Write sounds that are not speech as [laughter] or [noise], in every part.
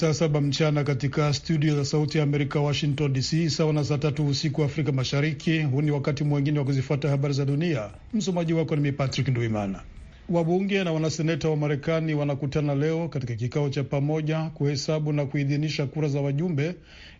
saa saba mchana katika studio za Sauti ya Amerika, Washington DC, sawa na saa tatu usiku wa Afrika Mashariki. Huu ni wakati mwengine wa kuzifuata habari za dunia. Msomaji wako ni mimi Patrick Nduimana. Wabunge na wanaseneta wa Marekani wanakutana leo katika kikao cha pamoja kuhesabu na kuidhinisha kura za wajumbe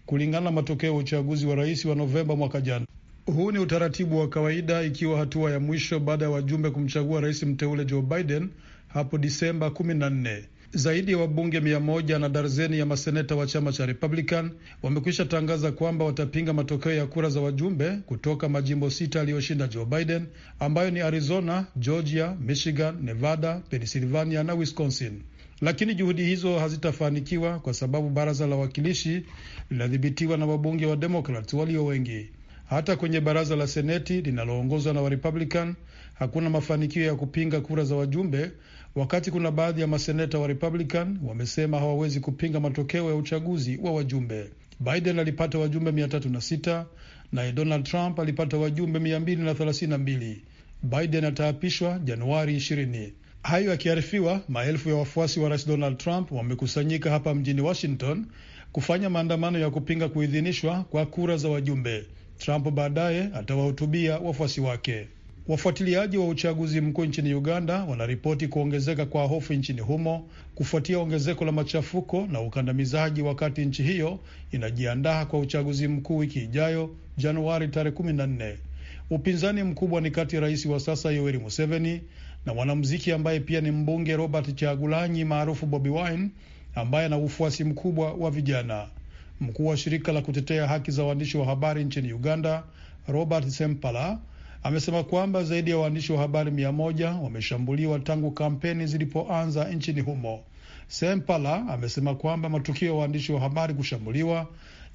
kulingana na matokeo ya uchaguzi wa rais wa Novemba mwaka jana. Huu ni utaratibu wa kawaida, ikiwa hatua ya mwisho baada ya wajumbe kumchagua rais mteule Joe Biden hapo Disemba kumi na nne. Zaidi ya wabunge mia moja na darzeni ya maseneta wa chama cha Republican wamekwisha tangaza kwamba watapinga matokeo ya kura za wajumbe kutoka majimbo sita aliyoshinda Joe Biden ambayo ni Arizona, Georgia, Michigan, Nevada, Pennsylvania na Wisconsin. Lakini juhudi hizo hazitafanikiwa kwa sababu baraza la wawakilishi linadhibitiwa na wabunge wa Demokrat walio wengi. Hata kwenye baraza la seneti linaloongozwa na Warepublican hakuna mafanikio ya kupinga kura za wajumbe, wakati kuna baadhi ya maseneta wa Republican wamesema hawawezi kupinga matokeo ya uchaguzi wa wajumbe. Biden alipata wajumbe 306 naye Donald Trump alipata wajumbe 232. Biden ataapishwa Januari 20. Hayo yakiarifiwa, maelfu ya wafuasi wa rais Donald Trump wamekusanyika hapa mjini Washington kufanya maandamano ya kupinga kuidhinishwa kwa kura za wajumbe. Trump baadaye atawahutubia wafuasi wake. Wafuatiliaji wa uchaguzi mkuu nchini Uganda wanaripoti kuongezeka kwa hofu nchini humo kufuatia ongezeko la machafuko na ukandamizaji, wakati nchi hiyo inajiandaa kwa uchaguzi mkuu wiki ijayo Januari tarehe kumi na nne. Upinzani mkubwa ni kati ya rais wa sasa Yoweri Museveni na mwanamuziki ambaye pia ni mbunge Robert Chagulanyi maarufu Bobi Wine ambaye ana ufuasi mkubwa wa vijana. Mkuu wa shirika la kutetea haki za waandishi wa habari nchini Uganda, Robert Sempala, amesema kwamba zaidi ya waandishi wa habari mia moja wameshambuliwa tangu kampeni zilipoanza nchini humo. Sempala amesema kwamba matukio ya waandishi wa habari kushambuliwa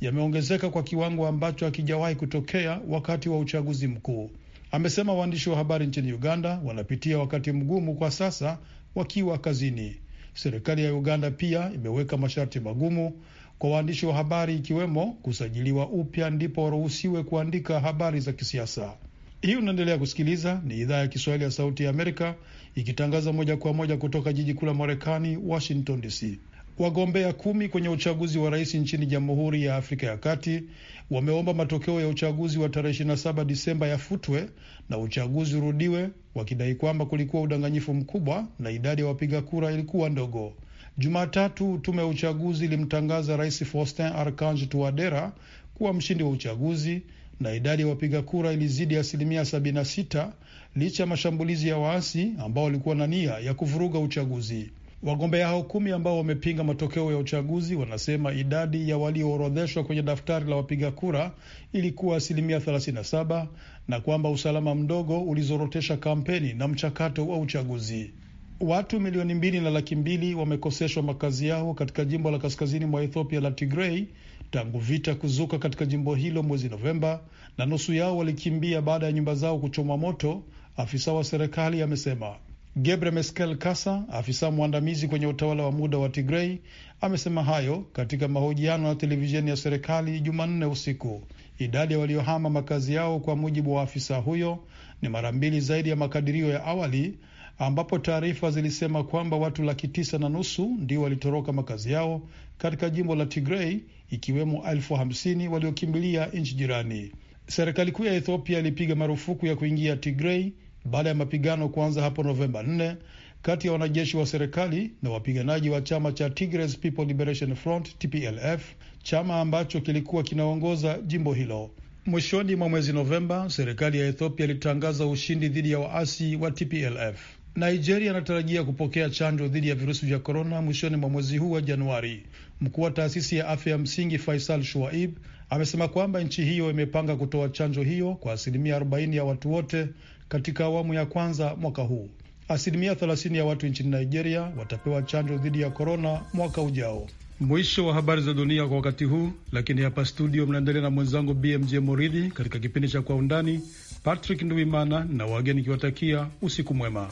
yameongezeka kwa kiwango ambacho hakijawahi kutokea wakati wa uchaguzi mkuu. Amesema waandishi wa habari nchini Uganda wanapitia wakati mgumu kwa sasa wakiwa kazini. Serikali ya Uganda pia imeweka masharti magumu kwa waandishi wa habari ikiwemo kusajiliwa upya ndipo waruhusiwe kuandika habari za kisiasa. Hii unaendelea kusikiliza, ni idhaa ya Kiswahili ya Sauti ya Amerika ikitangaza moja kwa moja kutoka jiji kuu la Marekani, Washington DC. Wagombea kumi kwenye uchaguzi wa rais nchini Jamhuri ya Afrika ya Kati wameomba matokeo ya uchaguzi wa tarehe 27 Disemba yafutwe na uchaguzi urudiwe, wakidai kwamba kulikuwa udanganyifu mkubwa na idadi ya wapiga kura ilikuwa ndogo. Jumatatu tume ya uchaguzi ilimtangaza rais Faustin Archange Touadera kuwa mshindi wa uchaguzi na idadi ya wapiga kura ilizidi asilimia 76 licha ya mashambulizi ya waasi ambao walikuwa na nia ya kuvuruga uchaguzi. Wagombea hao kumi ambao wamepinga matokeo ya uchaguzi wanasema idadi ya walioorodheshwa kwenye daftari la wapiga kura ilikuwa asilimia 37 na kwamba usalama mdogo ulizorotesha kampeni na mchakato wa uchaguzi. Watu milioni mbili na laki mbili wamekoseshwa makazi yao katika jimbo la kaskazini mwa Ethiopia la Tigrei tangu vita kuzuka katika jimbo hilo mwezi Novemba, na nusu yao walikimbia baada ya nyumba zao kuchomwa moto, afisa wa serikali amesema. Gebre Meskel Kasa, afisa mwandamizi kwenye utawala wa muda wa Tigrei, amesema hayo katika mahojiano na televisheni ya serikali Jumanne usiku. Idadi ya waliohama makazi yao, kwa mujibu wa afisa huyo, ni mara mbili zaidi ya makadirio ya awali ambapo taarifa zilisema kwamba watu laki tisa na nusu ndio walitoroka makazi yao katika jimbo la Tigrei, ikiwemo elfu hamsini waliokimbilia nchi jirani. Serikali kuu ya Ethiopia ilipiga marufuku ya kuingia Tigrei baada ya mapigano kuanza hapo Novemba 4 kati ya wanajeshi wa serikali na wapiganaji wa chama cha Tigray People Liberation Front TPLF, chama ambacho kilikuwa kinaongoza jimbo hilo. Mwishoni mwa mwezi Novemba, serikali ya Ethiopia ilitangaza ushindi dhidi ya waasi wa TPLF. Nigeria anatarajia kupokea chanjo dhidi ya virusi vya korona mwishoni mwa mwezi huu wa Januari. Mkuu wa taasisi ya afya ya msingi Faisal Shuaib amesema kwamba nchi hiyo imepanga kutoa chanjo hiyo kwa asilimia 40 ya watu wote katika awamu ya kwanza mwaka huu. Asilimia 30 ya watu nchini Nigeria watapewa chanjo dhidi ya korona mwaka ujao. Mwisho wa habari za dunia kwa wakati huu, lakini hapa studio mnaendelea na mwenzangu BMJ Moridhi katika kipindi cha Kwa Undani. Patrick Nduimana na wageni nikiwatakia usiku mwema.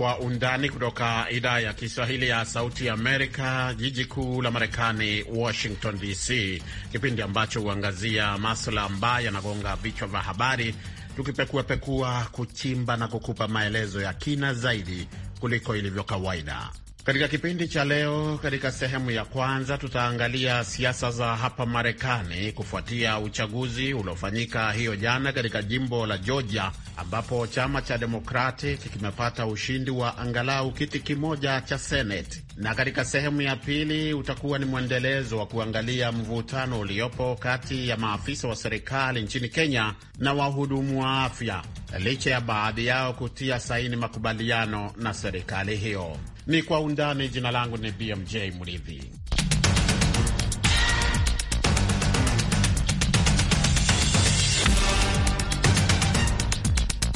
Kwa Undani kutoka idhaa ya Kiswahili ya Sauti ya Amerika, jiji kuu la Marekani, Washington DC, kipindi ambacho huangazia maswala ambayo yanagonga vichwa vya habari, tukipekuapekua, kuchimba na kukupa maelezo ya kina zaidi kuliko ilivyo kawaida. Katika kipindi cha leo, katika sehemu ya kwanza, tutaangalia siasa za hapa Marekani kufuatia uchaguzi uliofanyika hiyo jana katika jimbo la Georgia, ambapo chama cha Democratic kimepata ushindi wa angalau kiti kimoja cha Senate. Na katika sehemu ya pili utakuwa ni mwendelezo wa kuangalia mvutano uliopo kati ya maafisa wa serikali nchini Kenya na wahudumu wa afya licha ya baadhi yao kutia saini makubaliano na serikali hiyo ni Kwa Undani. Jina langu ni BMJ Mridhi.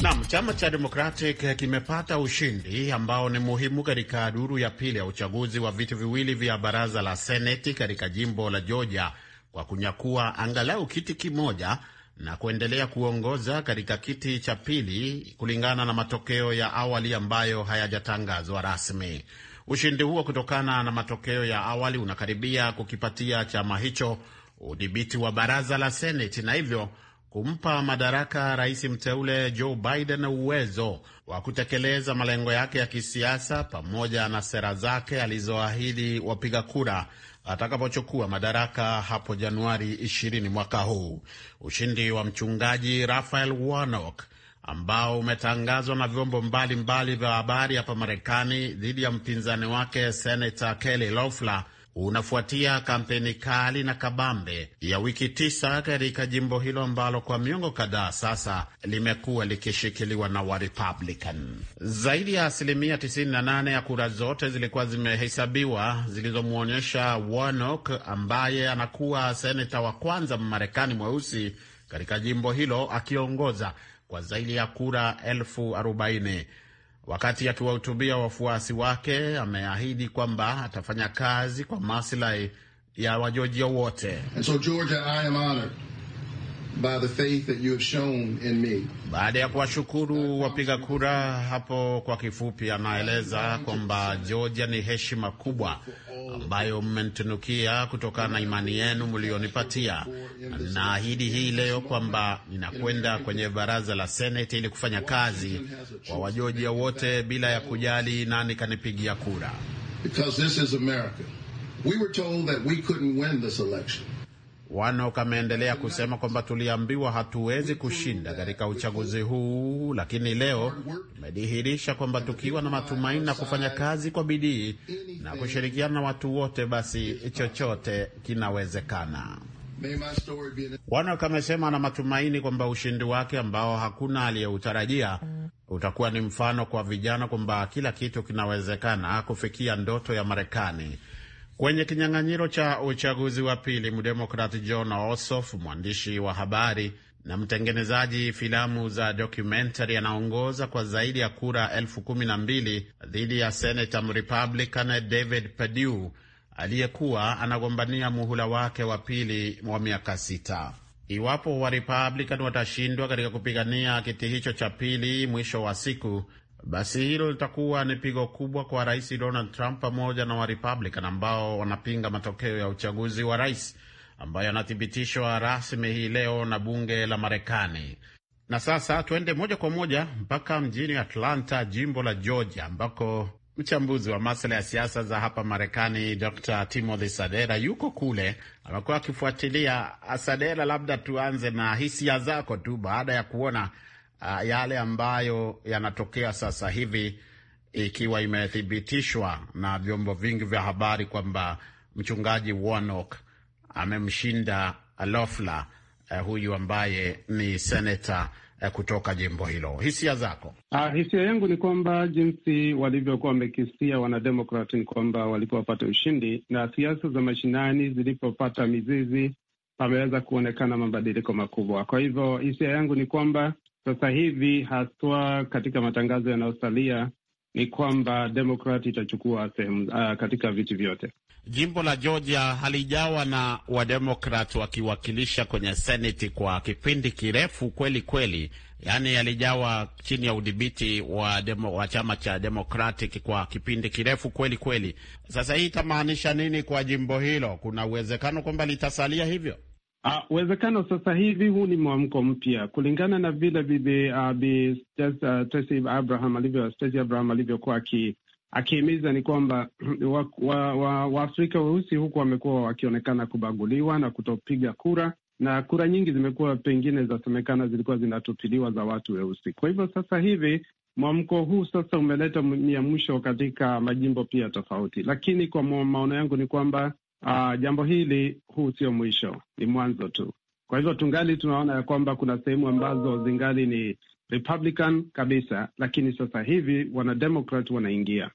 Nam, chama cha Democratic kimepata ushindi ambao ni muhimu katika duru ya pili ya uchaguzi wa viti viwili vya baraza la seneti katika jimbo la Georgia kwa kunyakua angalau kiti kimoja na kuendelea kuongoza katika kiti cha pili kulingana na matokeo ya awali ambayo hayajatangazwa rasmi. Ushindi huo kutokana na matokeo ya awali unakaribia kukipatia chama hicho udhibiti wa baraza la Seneti na hivyo kumpa madaraka rais mteule Joe Biden uwezo wa kutekeleza malengo yake ya kisiasa pamoja na sera zake alizoahidi wapiga kura atakapochukua madaraka hapo Januari 20 mwaka huu. Ushindi wa mchungaji rafael Warnock ambao umetangazwa na vyombo mbalimbali vya habari hapa Marekani dhidi ya mpinzani wake Senata Kelly Loeffler unafuatia kampeni kali na kabambe ya wiki tisa katika jimbo hilo ambalo kwa miongo kadhaa sasa limekuwa likishikiliwa na Warepublican. Zaidi ya asilimia 98 ya kura zote zilikuwa zimehesabiwa zilizomwonyesha Warnock ambaye anakuwa seneta wa kwanza Mmarekani mweusi katika jimbo hilo akiongoza kwa zaidi ya kura elfu arobaini. Wakati akiwahutubia wafuasi wake, ameahidi kwamba atafanya kazi kwa maslahi ya wajojia wote. So Georgia, I am honored by the faith that you have shown in me. Baada ya kuwashukuru wapiga kura hapo, kwa kifupi, anaeleza kwamba Georgia ni heshima kubwa ambayo mmenitunukia kutokana na imani yenu mlionipatia. Naahidi hii leo kwamba ninakwenda kwenye baraza la Seneti ili kufanya kazi kwa wajojia wote bila ya kujali nani kanipigia kura. Because this is America. We were told that we couldn't win this election. Wanok ameendelea kusema kwamba tuliambiwa hatuwezi kushinda katika uchaguzi huu, lakini leo tumedhihirisha kwamba tukiwa na matumaini na kufanya kazi kwa bidii na kushirikiana na watu wote, basi chochote kinawezekana. Wanok amesema ana matumaini kwamba ushindi wake ambao hakuna aliyeutarajia utakuwa ni mfano kwa vijana kwamba kila kitu kinawezekana kufikia ndoto ya Marekani. Kwenye kinyang'anyiro cha uchaguzi wa pili, mdemokrat John Ossoff, mwandishi wa habari na mtengenezaji filamu za documentary anaongoza kwa zaidi ya kura elfu kumi na mbili dhidi ya senata mrepublican David Perdue aliyekuwa anagombania muhula wake wa pili wa miaka sita. Iwapo Warepublican watashindwa katika kupigania kiti hicho cha pili, mwisho wa siku basi hilo litakuwa ni pigo kubwa kwa Rais Donald Trump pamoja na Warepublican ambao wanapinga matokeo ya uchaguzi wa rais ambayo yanathibitishwa rasmi hii leo na bunge la Marekani. Na sasa tuende moja kwa moja mpaka mjini Atlanta, jimbo la Georgia, ambako mchambuzi wa masuala ya siasa za hapa Marekani Dr Timothy Sadera yuko kule, amekuwa akifuatilia. Sadera, labda tuanze na hisia zako tu baada ya kuona uh, yale ambayo yanatokea sasa hivi, ikiwa imethibitishwa na vyombo vingi vya habari kwamba mchungaji Warnock amemshinda Lofla, uh, eh, huyu ambaye ni seneta uh, kutoka jimbo hilo. Hisia zako? Ah, hisia yangu ni kwamba jinsi walivyokuwa wamekisia wanademokrat ni kwamba walipopata ushindi na siasa za mashinani zilipopata mizizi pameweza kuonekana mabadiliko makubwa. Kwa hivyo hisia yangu ni kwamba sasa hivi, haswa katika matangazo yanayosalia, ni kwamba Demokrat itachukua sehemu uh, katika viti vyote. Jimbo la Georgia halijawa na wademokrat wakiwakilisha kwenye seneti kwa kipindi kirefu kweli kweli, yaani halijawa chini ya udhibiti wa, wa chama cha Democratic kwa kipindi kirefu kweli kweli. Sasa hii itamaanisha nini kwa jimbo hilo? Kuna uwezekano kwamba litasalia hivyo? Ah, uwezekano sasa hivi, huu ni mwamko mpya kulingana na vile bibi ah, ah, Abraham alivyokuwa akihimiza, ni kwamba [clears throat] Waafrika weusi huku wamekuwa wakionekana kubaguliwa na kutopiga kura, na kura nyingi zimekuwa pengine zasemekana zilikuwa zinatupiliwa za watu weusi. Kwa hivyo sasa hivi mwamko huu sasa umeleta miamsho katika majimbo pia tofauti, lakini kwa maono yangu ni kwamba uh, jambo hili huu sio mwisho, ni mwanzo tu. Kwa hivyo tungali tunaona ya kwamba kuna sehemu ambazo zingali ni Republican kabisa, lakini sasa hivi wanademokrat wanaingia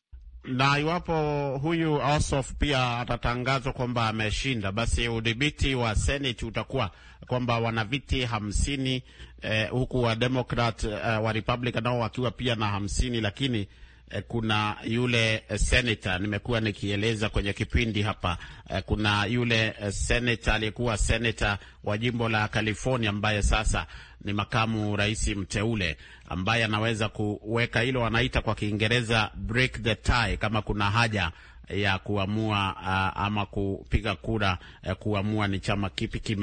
na iwapo huyu Ossoff pia atatangazwa kwamba ameshinda, basi udhibiti wa Senate utakuwa kwamba wana viti hamsini eh, huku wa Democrat eh, wa Republican nao wakiwa pia na hamsini, lakini Eh, kuna yule eh, senator nimekuwa nikieleza kwenye kipindi hapa, eh, kuna yule senator aliyekuwa senator wa jimbo la California ambaye sasa ni makamu rais mteule ambaye anaweza kuweka hilo wanaita kwa Kiingereza break the tie, kama kuna haja ya kuamua ah, ama kupiga kura kuamua ni chama kipi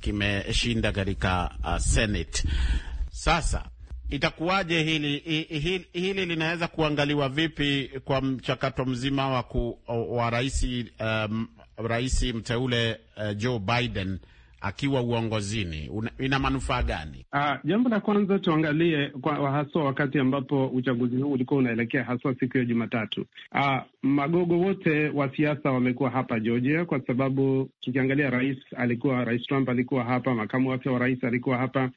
kimeshinda katika katika ah, Senate. Sasa itakuwaje hili, hili, hili linaweza kuangaliwa vipi kwa mchakato mzima wa, ku, wa rais um, rais mteule uh, Joe Biden akiwa uongozini una, ina manufaa gani? Uh, jambo la kwanza tuangalie kwa haswa wakati ambapo uchaguzi huu ulikuwa unaelekea haswa siku ya Jumatatu. Uh, magogo wote wa siasa wamekuwa hapa Georgia, kwa sababu tukiangalia rais alikuwa rais Trump alikuwa hapa, makamu wake wa rais alikuwa hapa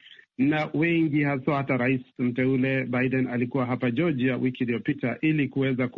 na wengi haswa, hata rais mteule Biden alikuwa hapa Georgia wiki iliyopita ili kuweza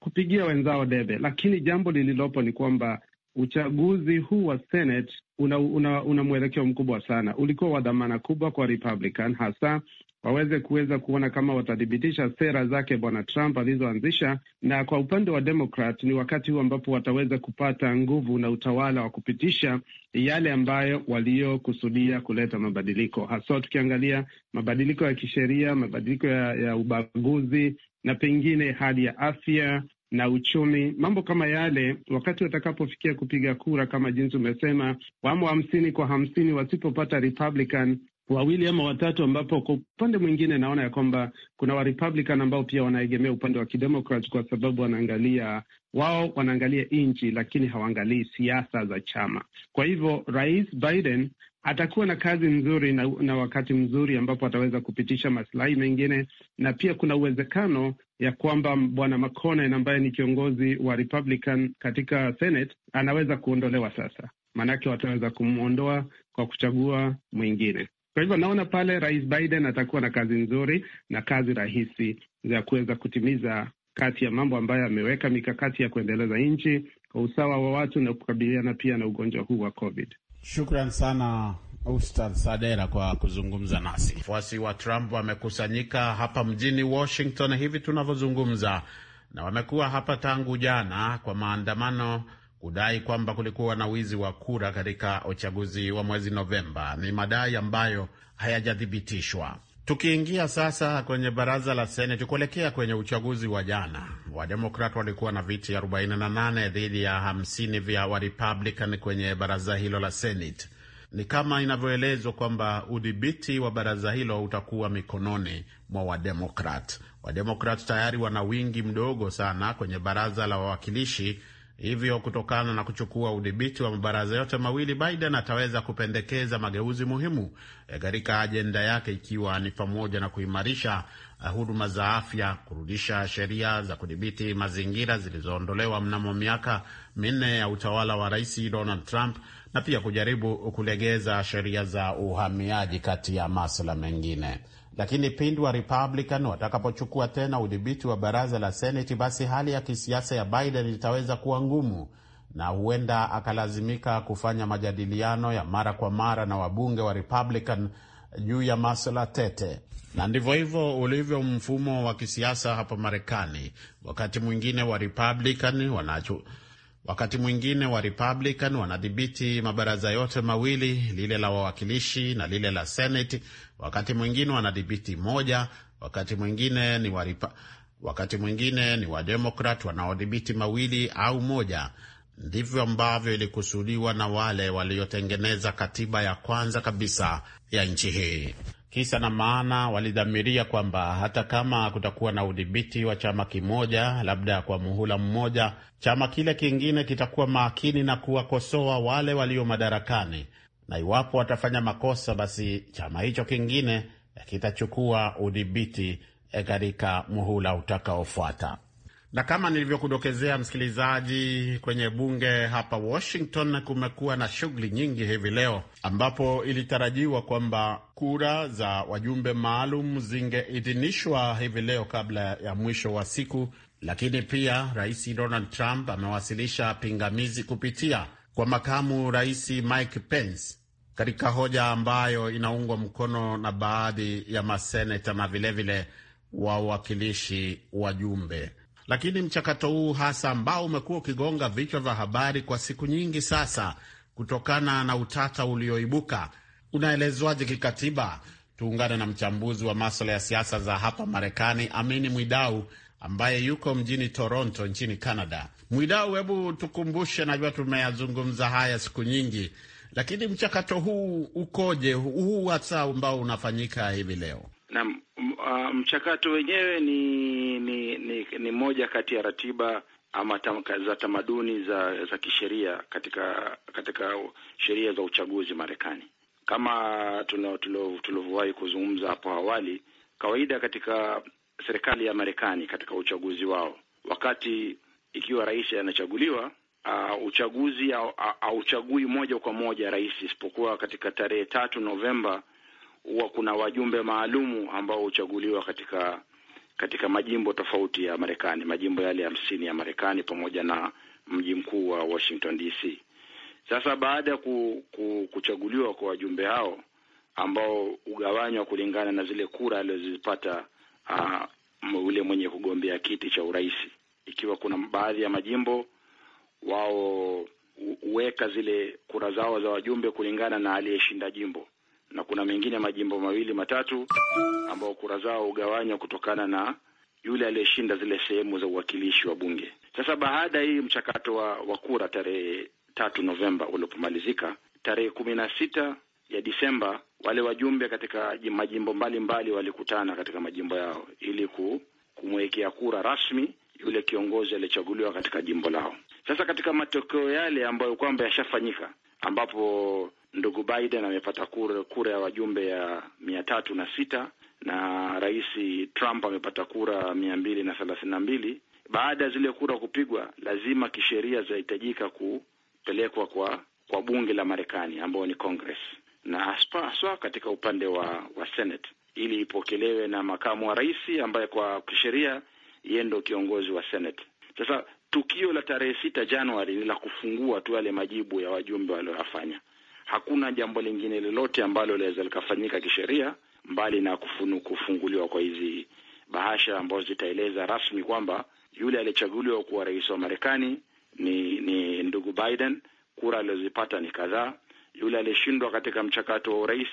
kupigia wenzao debe, lakini jambo lililopo ni kwamba uchaguzi huu wa Senate una, una, una mwelekeo mkubwa sana. Ulikuwa wa dhamana kubwa kwa Republican, hasa waweze kuweza kuona kama watathibitisha sera zake Bwana Trump alizoanzisha, na kwa upande wa demokrat ni wakati huu ambapo wataweza kupata nguvu na utawala wa kupitisha yale ambayo waliokusudia kuleta mabadiliko, hasa tukiangalia mabadiliko ya kisheria, mabadiliko ya, ya ubaguzi na pengine hali ya afya na uchumi, mambo kama yale, wakati watakapofikia kupiga kura, kama jinsi umesema, wamo hamsini kwa hamsini, wasipopata Republican wawili ama watatu, ambapo kwa upande mwingine naona ya kwamba kuna Republican ambao pia wanaegemea upande wa kidemokrat kwa sababu wanaangalia wao wanaangalia nchi, lakini hawaangalii siasa za chama. Kwa hivyo Rais Biden atakuwa na kazi nzuri na, na wakati mzuri ambapo ataweza kupitisha masilahi mengine, na pia kuna uwezekano ya kwamba bwana McConnell ambaye ni kiongozi wa Republican katika Senate anaweza kuondolewa sasa, maanake wataweza kumwondoa kwa kuchagua mwingine. Kwa hivyo naona pale Rais Biden atakuwa na kazi nzuri na kazi rahisi za kuweza kutimiza kati ya mambo ambayo ameweka mikakati ya kuendeleza nchi kwa usawa wa watu na kukabiliana pia na ugonjwa huu wa COVID. Shukran sana Ustad Sadera kwa kuzungumza nasi. Wafuasi wa Trump wamekusanyika hapa mjini Washington hivi tunavyozungumza, na wamekuwa hapa tangu jana kwa maandamano kudai kwamba kulikuwa na wizi wa kura katika uchaguzi wa mwezi Novemba. Ni madai ambayo hayajathibitishwa. Tukiingia sasa kwenye baraza la Seneti kuelekea kwenye uchaguzi wa jana, Wademokrat walikuwa na viti 48 dhidi ya 50 vya Warepublican kwenye baraza hilo la Seneti. Ni kama inavyoelezwa kwamba udhibiti wa baraza hilo utakuwa mikononi mwa Wademokrat. Wademokrat tayari wana wingi mdogo sana kwenye baraza la wawakilishi Hivyo, kutokana na kuchukua udhibiti wa mabaraza yote mawili, Biden ataweza kupendekeza mageuzi muhimu e, katika ajenda yake, ikiwa ni pamoja na kuimarisha e, huduma za afya, kurudisha sheria za kudhibiti mazingira zilizoondolewa mnamo miaka minne ya utawala wa Rais Donald Trump na pia kujaribu kulegeza sheria za uhamiaji, kati ya masuala mengine lakini pindi wa Republican watakapochukua tena udhibiti wa baraza la Seneti, basi hali ya kisiasa ya Biden itaweza kuwa ngumu na huenda akalazimika kufanya majadiliano ya mara kwa mara na wabunge wa Republican juu ya maswala tete. Na ndivyo hivyo ulivyo mfumo wa kisiasa hapa Marekani. Wakati mwingine wa Republican wanacho Wakati mwingine wa Republican wanadhibiti mabaraza yote mawili, lile la wawakilishi na lile la Senate. Wakati mwingine wanadhibiti moja, wakati mwingine ni wa wakati mwingine ni Wademokrat wanaodhibiti mawili au moja. Ndivyo ambavyo ilikusudiwa na wale waliotengeneza katiba ya kwanza kabisa ya nchi hii. Kisa na maana, walidhamiria kwamba hata kama kutakuwa na udhibiti wa chama kimoja, labda kwa muhula mmoja, chama kile kingine kitakuwa makini na kuwakosoa wale walio madarakani, na iwapo watafanya makosa, basi chama hicho kingine kitachukua udhibiti eh, katika muhula utakaofuata. Na kama nilivyokudokezea, msikilizaji, kwenye bunge hapa Washington kumekuwa na shughuli nyingi hivi leo, ambapo ilitarajiwa kwamba kura za wajumbe maalum zingeidhinishwa hivi leo kabla ya mwisho wa siku, lakini pia Rais Donald Trump amewasilisha pingamizi kupitia kwa makamu rais Mike Pence katika hoja ambayo inaungwa mkono na baadhi ya maseneta na vilevile wawakilishi wajumbe. Lakini mchakato huu hasa ambao umekuwa ukigonga vichwa vya habari kwa siku nyingi sasa kutokana na utata ulioibuka unaelezwaje kikatiba? Tuungane na mchambuzi wa maswala ya siasa za hapa Marekani, Amini Mwidau ambaye yuko mjini Toronto nchini Canada. Mwidau, hebu tukumbushe, najua tumeyazungumza haya siku nyingi, lakini mchakato huu ukoje, huu hasa ambao unafanyika hivi leo? Naam, Uh, mchakato wenyewe ni ni, ni ni moja kati ya ratiba ama tam, za tamaduni za za kisheria katika katika sheria za uchaguzi Marekani. Kama tulivyowahi kuzungumza hapo awali, kawaida katika serikali ya Marekani katika uchaguzi wao, wakati ikiwa rais anachaguliwa, uh, uchaguzi auchagui uh, uh, moja kwa moja rais, isipokuwa katika tarehe tatu Novemba huwa kuna wajumbe maalumu ambao huchaguliwa katika katika majimbo tofauti ya Marekani, majimbo yale hamsini ya Marekani pamoja na mji mkuu wa Washington DC. Sasa baada ya ku, ku, kuchaguliwa kwa wajumbe hao ambao hugawanywa kulingana na zile kura alizozipata ah, yule uh, mwenye kugombea kiti cha urais, ikiwa kuna baadhi ya majimbo wao huweka zile kura zao za wajumbe kulingana na aliyeshinda jimbo na kuna mengine majimbo mawili matatu ambao kura zao hugawanywa kutokana na yule aliyeshinda zile sehemu za uwakilishi wa bunge. Sasa baada ya hii mchakato wa, wa kura tarehe tatu Novemba ulipomalizika, tarehe kumi na sita ya Disemba wale wajumbe katika majimbo mbalimbali walikutana katika majimbo yao ili kumwekea kura rasmi yule kiongozi aliyechaguliwa katika jimbo lao. Sasa katika matokeo yale ambayo kwamba yashafanyika, ambapo ndugu Biden amepata kura, kura ya wajumbe ya mia tatu na sita na rais Trump amepata kura mia mbili na thelathini na mbili. Baada ya zile kura kupigwa, lazima kisheria zinahitajika kupelekwa kwa kwa bunge la Marekani ambayo ni Congress na aswa katika upande wa wa Senate ili ipokelewe na makamu wa rais ambaye kwa kisheria yeye ndo kiongozi wa Senate. Sasa tukio la tarehe sita Januari ni la kufungua tu yale majibu ya wajumbe walioyafanya hakuna jambo lingine lolote ambalo linaweza likafanyika kisheria mbali na kufunu, kufunguliwa kwa hizi bahasha ambazo zitaeleza rasmi kwamba yule aliyechaguliwa kuwa rais wa Marekani ni ni ndugu Biden, kura alizozipata ni kadhaa. Yule aliyeshindwa katika mchakato wa urais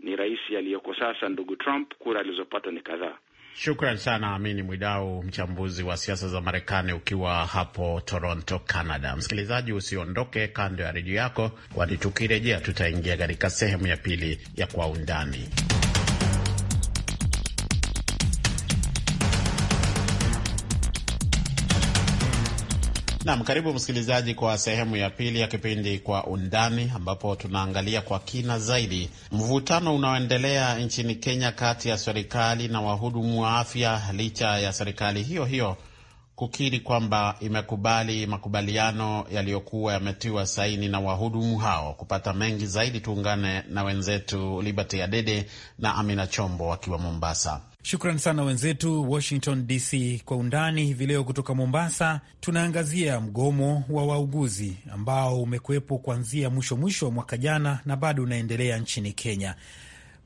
ni rais aliyeko sasa, ndugu Trump, kura alizopata ni kadhaa. Shukran sana Amini Mwidau, mchambuzi wa siasa za Marekani, ukiwa hapo Toronto, Canada. Msikilizaji, usiondoke kando ya redio yako, kwani tukirejea tutaingia katika sehemu ya pili ya Kwa Undani. Naam, karibu msikilizaji kwa sehemu ya pili ya kipindi Kwa Undani, ambapo tunaangalia kwa kina zaidi mvutano unaoendelea nchini Kenya kati ya serikali na wahudumu wa afya, licha ya serikali hiyo hiyo kukiri kwamba imekubali makubaliano yaliyokuwa yametiwa saini na wahudumu hao. Kupata mengi zaidi, tuungane na wenzetu Liberty Adede na Amina Chombo wakiwa Mombasa. Shukran sana wenzetu Washington DC. Kwa undani hivi leo kutoka Mombasa, tunaangazia mgomo wa wauguzi ambao umekuwepo kuanzia mwisho mwisho wa mwaka jana na bado unaendelea nchini Kenya.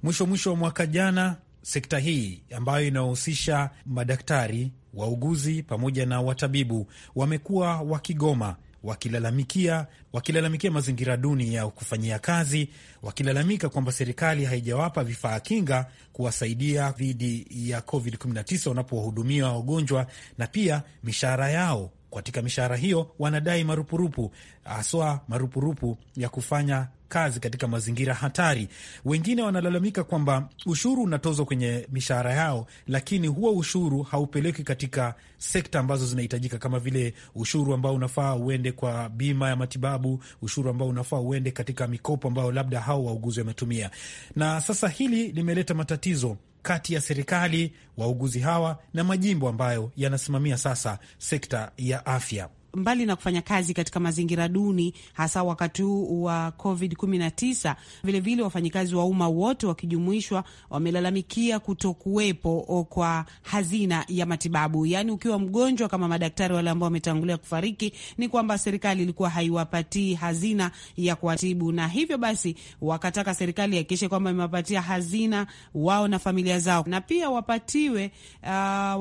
Mwisho mwisho wa mwaka jana, sekta hii ambayo inahusisha madaktari, wauguzi pamoja na watabibu wamekuwa wakigoma wakilalamikia wakilalamikia mazingira duni ya kufanyia kazi, wakilalamika kwamba serikali haijawapa vifaa kinga kuwasaidia dhidi ya COVID-19 wanapowahudumia wagonjwa, na pia mishahara yao katika mishahara hiyo wanadai marupurupu, haswa marupurupu ya kufanya kazi katika mazingira hatari. Wengine wanalalamika kwamba ushuru unatozwa kwenye mishahara yao, lakini huo ushuru haupeleki katika sekta ambazo zinahitajika, kama vile ushuru ambao unafaa uende kwa bima ya matibabu, ushuru ambao unafaa uende katika mikopo ambayo labda hao wauguzi wametumia. Na sasa hili limeleta matatizo kati ya serikali, wauguzi hawa na majimbo ambayo yanasimamia sasa sekta ya afya mbali na kufanya kazi katika mazingira duni, hasa wakati huu wa COVID 19, vilevile wafanyikazi wa umma wote wakijumuishwa wamelalamikia kutokuwepo kwa hazina ya matibabu. Yaani ukiwa mgonjwa kama madaktari wale ambao wametangulia kufariki, ni kwamba serikali ilikuwa haiwapatii hazina ya kuwatibu, na hivyo basi wakataka serikali hakikishe kwamba imewapatia hazina wao na familia zao, na pia wapatiwe uh,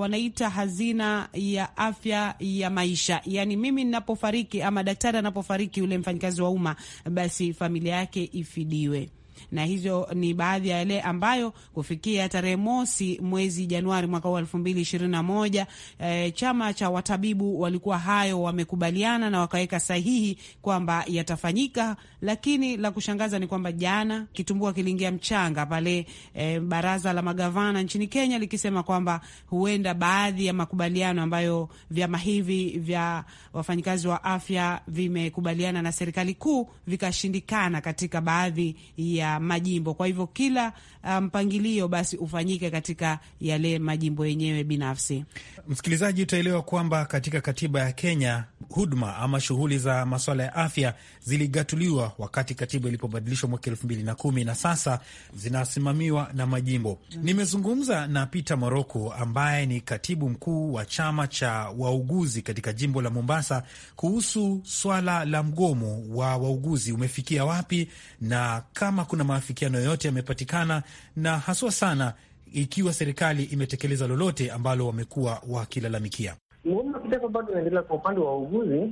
wanaita hazina ya afya ya maisha yani mimi ninapofariki ama daktari anapofariki yule mfanyikazi wa umma, basi familia yake ifidiwe na hizo ni baadhi ya yale ambayo kufikia tarehe mosi mwezi Januari mwaka wa elfu mbili ishirini na moja e, chama cha watabibu walikuwa hayo wamekubaliana na wakaweka sahihi kwamba yatafanyika, lakini la kushangaza ni kwamba jana kitumbua kiliingia mchanga pale e, baraza la magavana nchini Kenya likisema kwamba huenda baadhi ya makubaliano ambayo vyama hivi vya wafanyikazi wa afya vimekubaliana na serikali kuu vikashindikana katika baadhi ya majimbo. Kwa hivyo kila uh, mpangilio um, basi ufanyike katika yale majimbo yenyewe binafsi. Msikilizaji, utaelewa kwamba katika katiba ya Kenya huduma ama shughuli za masuala ya afya ziligatuliwa wakati katiba ilipobadilishwa mwaka elfu mbili na kumi na sasa zinasimamiwa na majimbo. Nimezungumza na Peter Moroko ambaye ni katibu mkuu wa chama cha wauguzi katika jimbo la Mombasa kuhusu swala la mgomo wa wauguzi umefikia wapi na kama kuna hakuna maafikiano yoyote yamepatikana, na haswa sana ikiwa serikali imetekeleza lolote ambalo wamekuwa wakilalamikia. Mgomo wa kitaifa bado naendelea Kwa upande wa wauguzi,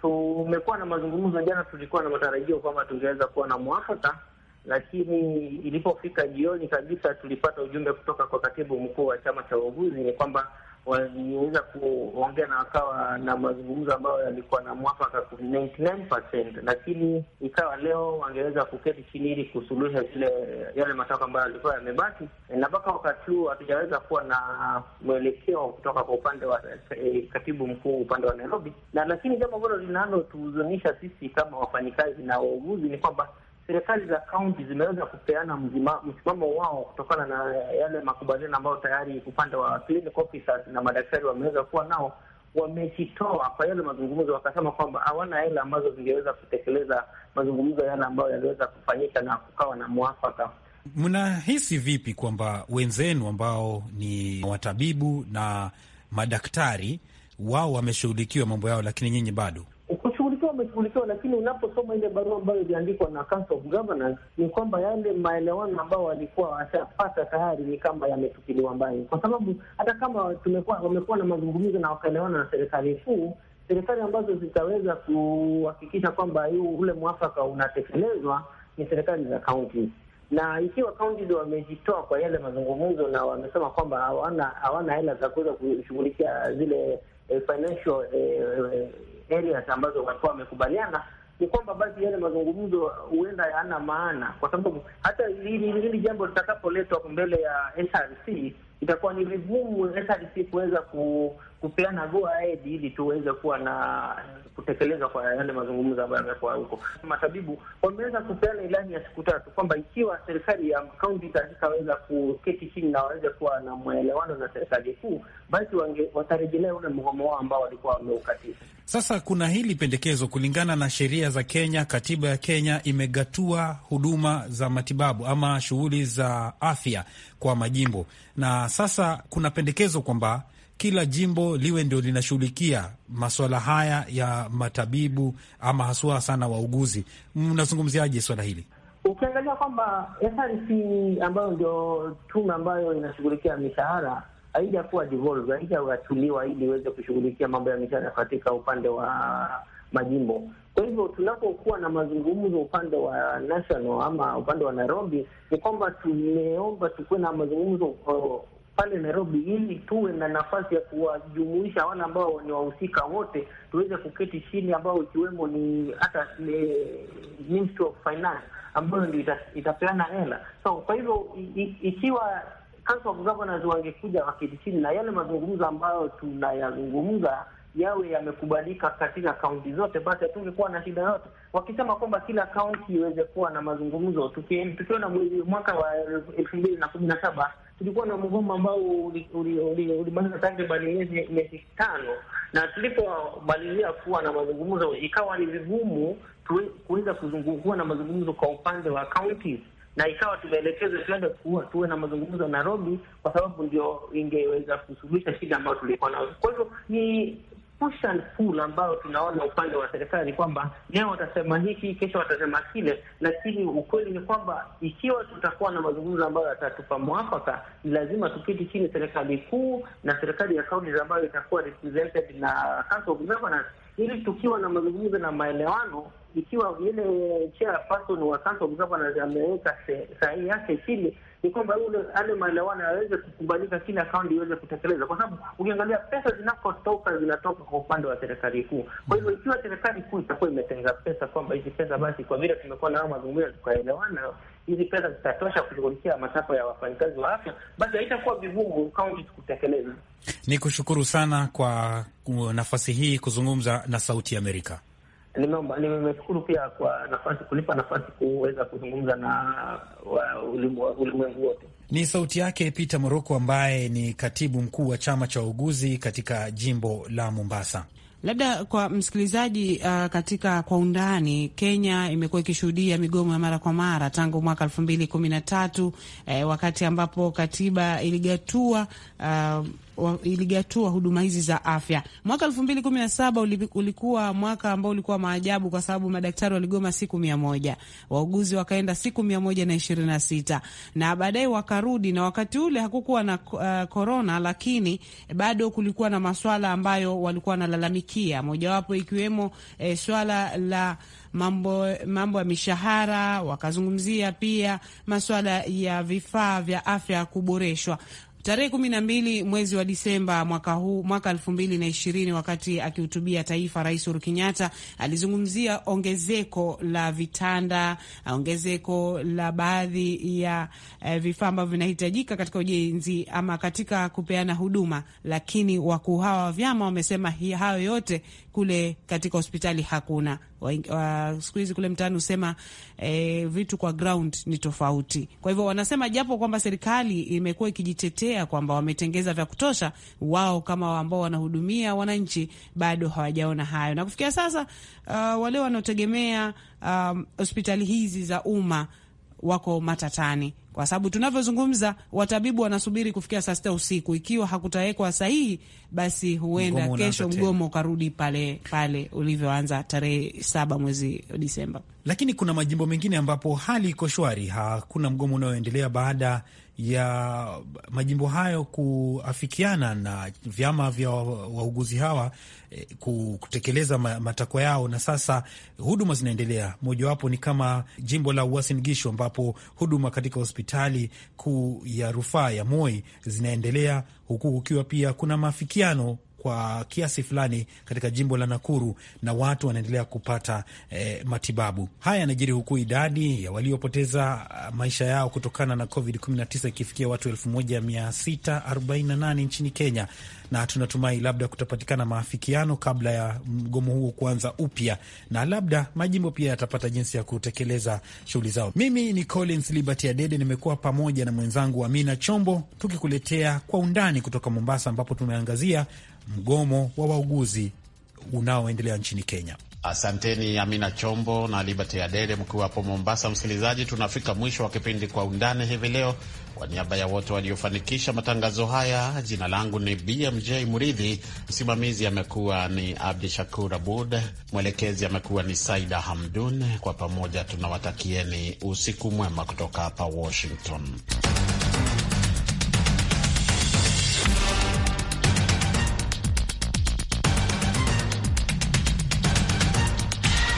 tumekuwa na mazungumzo jana. Tulikuwa na matarajio kwamba tungeweza kuwa na mwafaka, lakini ilipofika jioni kabisa tulipata ujumbe kutoka kwa katibu mkuu wa chama cha wauguzi ni kwamba waliweza kuongea na wakawa na mazungumzo ambayo yalikuwa na mwafaka lakini ikawa leo wangeweza kuketi chini ili kusuluhisha zile yale matako ambayo yalikuwa yamebaki, na mpaka wakati huu hatujaweza kuwa na mwelekeo kutoka kwa upande wa katibu mkuu upande wa Nairobi. Na lakini jambo ambalo linalotuhuzunisha sisi kama wafanyikazi na wauguzi ni kwamba serikali za kaunti zimeweza kupeana msimamo wao kutokana na yale makubaliano ambayo tayari upande wa clinic officers na madaktari wameweza kuwa nao wamejitoa kwa yale mazungumzo, wakasema kwamba hawana hela ambazo zingeweza kutekeleza mazungumzo yale ambayo yaliweza kufanyika na kukawa na mwafaka. Mnahisi vipi kwamba wenzenu ambao ni watabibu na madaktari wao wameshughulikiwa mambo yao, lakini nyinyi bado umeshughulikiwa, lakini unaposoma ile barua ambayo iliandikwa na Council of ni kwamba yale maelewano ambao walikuwa washapata tayari ni kama yametukiliwa mbali, kwa sababu hata kama tumekuwa wamekuwa na mazungumzo na wakaelewana na serikali kuu serikali ambazo zitaweza kuhakikisha kwamba ule mwafaka unatekelezwa ni serikali za kaunti, na ikiwa kaunti wamejitoa kwa yale mazungumzo na wamesema kwamba hawana hawana hela za kuweza kushughulikia zile eh, financial eh, eh, areas ambazo walikuwa wamekubaliana ni kwamba basi yale mazungumzo huenda hayana maana, kwa sababu hata hili jambo litakapoletwa mbele ya SRC itakuwa ni vigumu SRC kuweza ku, kupeana go ahead ili tuweze kuwa na kutekeleza kwa yale mazungumzo ambayo yamekuwa huko. Matabibu wameweza kupeana ilani ya siku tatu kwamba ikiwa serikali ya kaunti itaweza kuketi chini na waweze kuwa na mwelewano na serikali kuu, basi watarejelea ule mgomo wao ambao walikuwa wameukatisha. Sasa kuna hili pendekezo, kulingana na sheria za Kenya, katiba ya Kenya imegatua huduma za matibabu ama shughuli za afya kwa majimbo, na sasa kuna pendekezo kwamba kila jimbo liwe ndio linashughulikia maswala haya ya matabibu ama haswa sana wauguzi. Mnazungumziaje swala hili? Ukiangalia kwamba SRC ambayo ndio tume ambayo inashughulikia mishahara haijakuwa devolve, haijawatuliwa ili iweze kushughulikia mambo ya mishahara katika upande wa majimbo. Kwa hivyo tunapokuwa na mazungumzo upande wa national ama upande wa Nairobi, ni kwamba tumeomba tukuwe na mazungumzo pale Nairobi ili tuwe na nafasi ya kuwajumuisha wale ambao ni wahusika wote, tuweze kuketi chini, ambao ikiwemo ni hata eh, Ministry of Finance ambayo ndio ita, itapeana hela. So kwa hivyo ikiwa Council of Governors wangekuja waketi chini na yale mazungumzo ambayo tunayazungumza yawe yamekubalika katika kaunti zote, basi hatungekuwa na shida yote. Wakisema kwamba kila kaunti iweze kuwa na mazungumzo, tukiona mwezi mwaka wa elfu mbili na kumi na saba tulikuwa na mgomo ambao ulimaliza takriban miezi tano, na tulipomalizia kuwa na mazungumzo, ikawa ni vigumu kuweza kuwa na mazungumzo kwa upande wa kaunti, na ikawa tumeelekezwa tuende kuwa tuwe na mazungumzo ya Nairobi, kwa sababu ndio ingeweza kusuluhisha shida ambayo tulikuwa nayo. Kwa hivyo ni constant ambayo tunaona upande wa serikali kwamba leo watasema hiki, kesho watasema kile, lakini ukweli ni kwamba ikiwa tutakuwa na mazungumzo ambayo yatatupa mwafaka, ni lazima tuketi chini, serikali kuu na serikali ya kaunti ambayo itakuwa represented na Council of Governors, ili tukiwa na mazungumzo na maelewano ikiwa yule chairperson wa Council of Governors ameweka sahihi yake chini ni kwamba ale maelewano yaweze kukubalika, kila kaunti iweze kutekeleza, kwa sababu ukiangalia pesa zinakotoka zinatoka kwa upande wa serikali kuu. Kwa hivyo ikiwa serikali kuu itakuwa imetenga pesa kwamba hizi pesa basi, kwa vile tumekuwa na mazungumzo tukaelewana, hizi pesa zitatosha kushughulikia matakwa ya wafanyikazi wa afya, basi haitakuwa vigumu kaunti kutekeleza. Ni kushukuru sana kwa nafasi hii kuzungumza na Sauti ya Amerika. Nimeomba, nimeshukuru pia kwa nafasi, kunipa nafasi kuweza kuzungumza na ulimwengu wote. Ni sauti yake Peter Moroko ambaye ni katibu mkuu wa chama cha wauguzi katika jimbo la Mombasa. Labda kwa msikilizaji uh, katika kwa undani, Kenya imekuwa ikishuhudia migomo ya mara kwa mara tangu mwaka elfu mbili kumi na tatu eh, wakati ambapo katiba iligatua uh, iligatua huduma hizi za afya. Mwaka elfu mbili kumi na saba ulikuwa mwaka ambao ulikuwa maajabu kwa sababu madaktari waligoma siku mia moja wauguzi wakaenda siku mia moja na ishirini na sita na baadaye wakarudi. Na wakati ule hakukuwa na korona, uh, lakini bado kulikuwa na maswala ambayo walikuwa wanalalamikia, mojawapo ikiwemo eh, swala la mambo mambo ya mishahara. Wakazungumzia pia maswala ya vifaa vya afya kuboreshwa. Tarehe kumi na mbili mwezi wa Disemba mwaka huu mwaka elfu mbili na ishirini, wakati akihutubia taifa, Rais Uhuru Kenyatta alizungumzia ongezeko la vitanda, ongezeko la baadhi ya eh, vifaa ambavyo vinahitajika katika ujenzi ama katika kupeana huduma, lakini wakuu hawa wa vyama wamesema hayo yote kule katika hospitali hakuna siku hizi kule mtaani husema e, vitu kwa ground ni tofauti. Kwa hivyo wanasema japo kwamba serikali imekuwa ikijitetea kwamba wametengeza vya kutosha, wao kama ambao wanahudumia wananchi bado hawajaona hayo, na kufikia sasa uh, wale wanaotegemea ah, hospitali hizi za umma wako matatani, kwa sababu tunavyozungumza watabibu wanasubiri kufikia saa sita usiku. Ikiwa hakutawekwa sahihi, basi huenda mgomo kesho mgomo ukarudi pale pale ulivyoanza tarehe saba mwezi Disemba. Lakini kuna majimbo mengine ambapo hali iko shwari, hakuna mgomo unaoendelea baada ya majimbo hayo kuafikiana na vyama vya wauguzi hawa eh, kutekeleza matakwa yao, na sasa huduma zinaendelea. Mojawapo ni kama jimbo la Uasin Gishu, ambapo huduma katika hospitali kuu ya rufaa ya Moi zinaendelea, huku kukiwa pia kuna maafikiano kwa kiasi fulani katika jimbo la Nakuru na watu wanaendelea kupata eh, matibabu. Haya yanajiri huku idadi ya waliopoteza ah, maisha yao kutokana na COVID-19 ikifikia watu 1648 nchini Kenya, na tunatumai labda kutapatikana maafikiano kabla ya mgomo huo kuanza upya, na labda majimbo pia yatapata jinsi ya kutekeleza shughuli zao. Mimi ni Collins Liberty Adede, nimekuwa pamoja na mwenzangu Amina Chombo tukikuletea kwa undani kutoka Mombasa, ambapo tumeangazia mgomo wa wauguzi unaoendelea nchini Kenya. Asanteni Amina Chombo na Liberty Adede mkiwa hapo Mombasa. Msikilizaji, tunafika mwisho wa kipindi Kwa Undani hivi leo. Kwa niaba ya wote waliofanikisha matangazo haya, jina langu ni BMJ Muridhi, msimamizi amekuwa ni Abdi Shakur Abud, mwelekezi amekuwa ni Saida Hamdun. Kwa pamoja tunawatakieni usiku mwema kutoka hapa Washington.